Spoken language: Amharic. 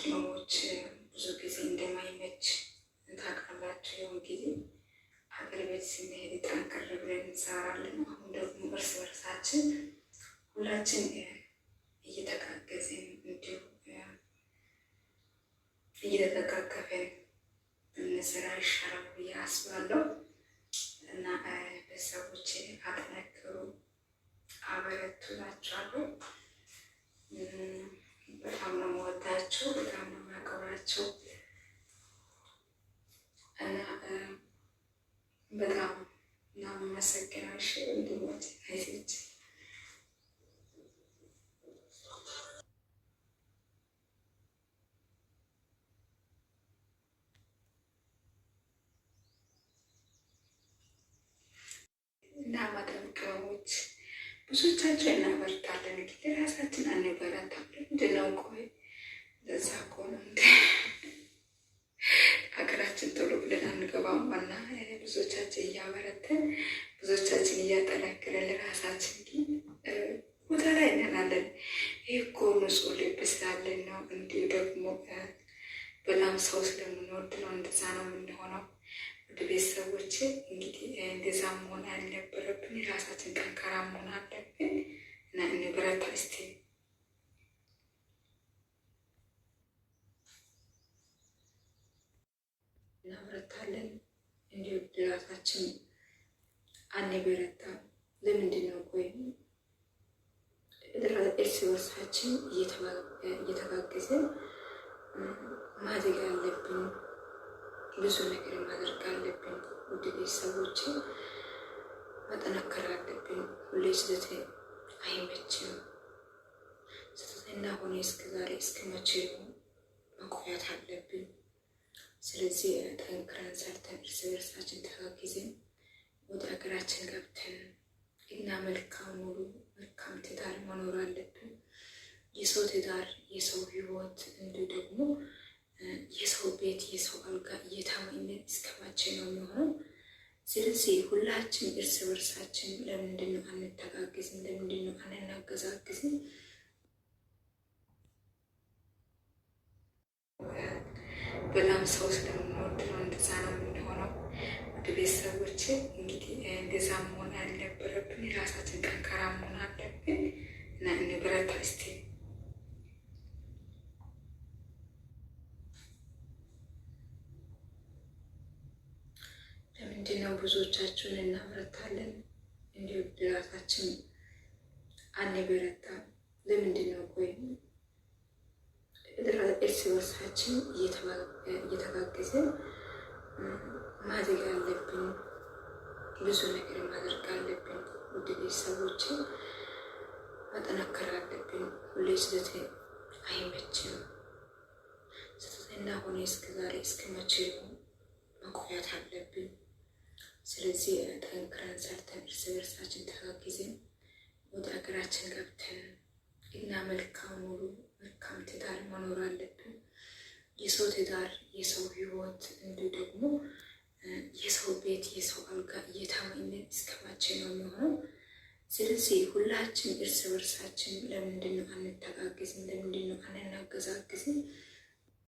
አቀራረቦች ብዙ ጊዜ እንደማይመች ታውቃላችሁ። የሆነ ጊዜ ሀገር ቤት ስንሄድ ጠንከር ብለን እንሰራለን። አሁን ደግሞ እርስ በርሳችን ሁላችን እየተጋገዝን እንዲሁ እየተጠቃቀፈን ብንሰራ ይሻላል ብዬ አስባለሁ እና ቤተሰቦች አጠነክሩ፣ አበረቱ እላችኋለሁ። ስለምወዳችሁ በጣም ነው የማከብራችሁ እና በጣም ና የማመሰግነው። እሺ ወንድሞች አይቶች እና ማዳም ብዙቻቸው ብዙዎቻቸው እናበርታለን። እና ብዙዎቻችን እያበረተን ብዙዎቻችን እያጠናክረን ለራሳችን ቦታ ላይ እንሆናለን። ይህ እኮ ንጹህ ልብ ስላለን ነው። እንዲሁ ደግሞ በጣም ሰው ስለምንወድ ነው እንደዛ ነው የምንሆነው። ወደ ቤተሰቦች እንግዲህ እንደዛ መሆን አልነበረብን። የራሳችን ጠንካራ መሆን አለብን እና እንበረታ እስቲ። እናበረታለን ሁላችን አንበረታም? ለምንድን ነው ቆይ እርስ በርሳችን እየተጋገዝን ማደግ አለብን። ብዙ ነገር ማድረግ አለብን። ውድ ቤተሰቦችን መጠናከር አለብን። ሁሌ ስህተት አይመችም። ስህተትና ሆነ እስከዛሬ እስከ መቼ መቆያት አለብን? ስለዚህ ጠንክረን ሰርተን እርስ በርሳችን ተጋግዘን ወደ ሀገራችን ገብተን እና መልካም ኑሮ መልካም ትዳር መኖር አለብን። የሰው ትዳር፣ የሰው ህይወት እንዲሁ ደግሞ የሰው ቤት፣ የሰው አልጋ እየታማኝነት እስከ ነው የሚሆነው? ስለዚህ ሁላችን እርስ በርሳችን ለምንድነው አንተጋግዝም? ለምንድነው አንናገዛግዝም? በጣም ሰው ስለምወድ ነው እንደዛ ነው የሚሆነው። ወደ ቤተሰቦች እንግዲህ እንደዛ መሆን አልነበረብን። የራሳችን ጠንካራ መሆን አለብን እና እንበረታ እስቲ ለምንድነው ብዙዎቻችሁን እናበረታለን እንዲሁ ራሳችን አንበረታም? ለምንድነው ቆይ እርስ በርሳችን እየተጋገዝን ማድረግ አለብን። ብዙ ነገር ማድረግ አለብን። ውድ ቤተሰቦችን መጠናከር አለብን። ሁሌ ስህተት አይመችም። ስህተተኛ ሆነ እስከዛሬ እስከ መቼ መቆያት አለብን? ስለዚህ ጠንክረን ሰርተን እርስ በርሳችን ተጋግዘን ወደ ሀገራችን ገብተን እና መልካም ሙሉ መልካም ትዳር መኖር አለብን። የሰው ትዳር፣ የሰው ህይወት እንዲሁ ደግሞ የሰው ቤት፣ የሰው አልጋ እየታመኝነት እስከማቸ ነው የሚሆነው? ስለዚህ ሁላችን እርስ በርሳችን ለምንድን ነው አንተጋግዝም? ለምንድን ነው አንናገዛግዝም?